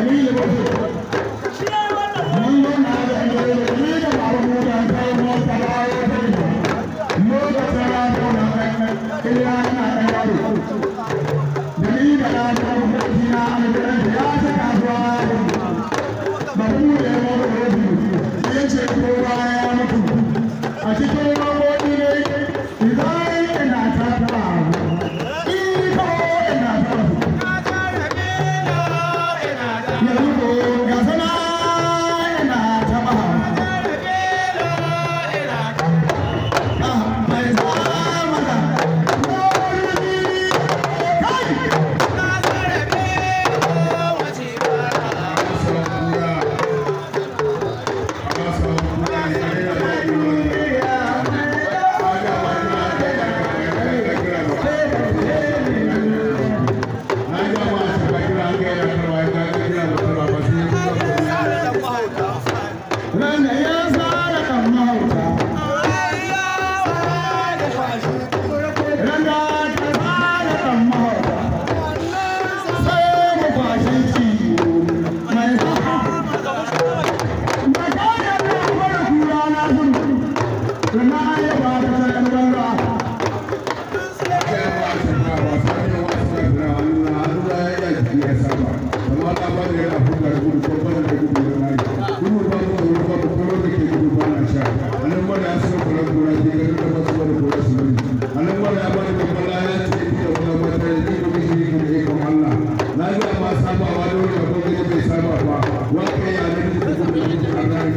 Emile Bourdieu.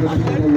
Gracias.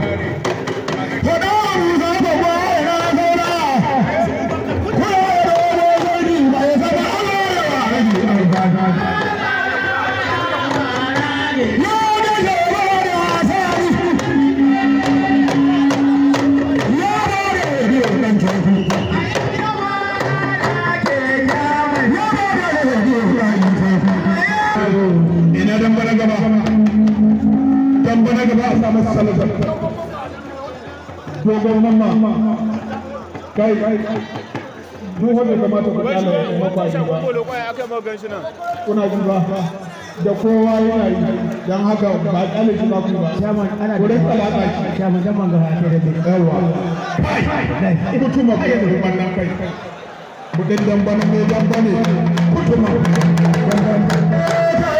Ready. ko gwamnan ma kai duk wanda kamata ku kala ya kuma ba kuna ji ba da kowa yana yi don haka ba kyale shi ba ku ba shaman ana da rinka latsa shi shaman dan manga ba ta da ke yawa kai ku da wannan kai kudin dan bana ne dan bane kutuma dan kai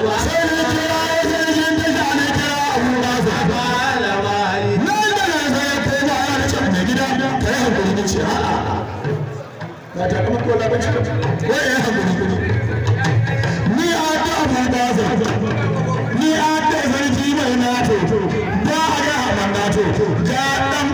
ka ta kuma kola ba ce ko ya ni a ta abu ba ni a mai nato ba a ga haman nato ga dan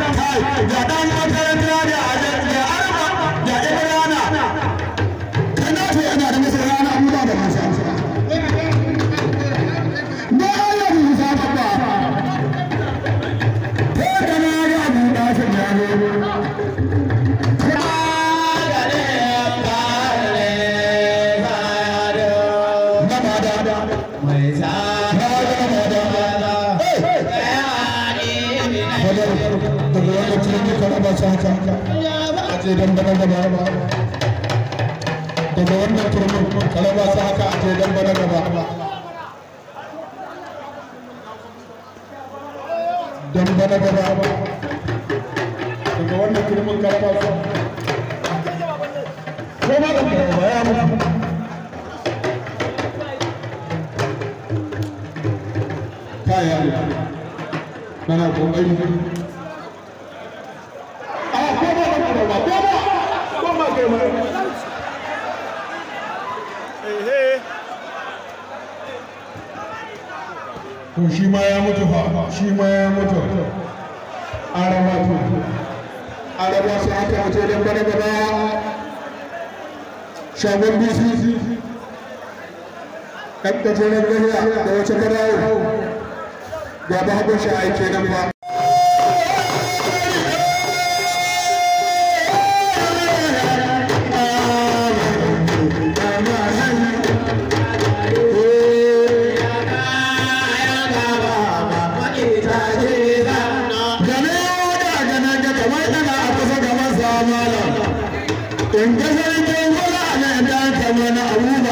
wadar daga yana daga wannan turmin dan bana daga wannan turmin kaya mana kokari a ko ba ko to shi ma ya mutu ba? shi ma ya mutu araba to araba sai aka wuce dan bare gaba shagon bisi kakkace na da wace ba ba habasha aike nan ba in kasar jirgin wani ana da na abubuwa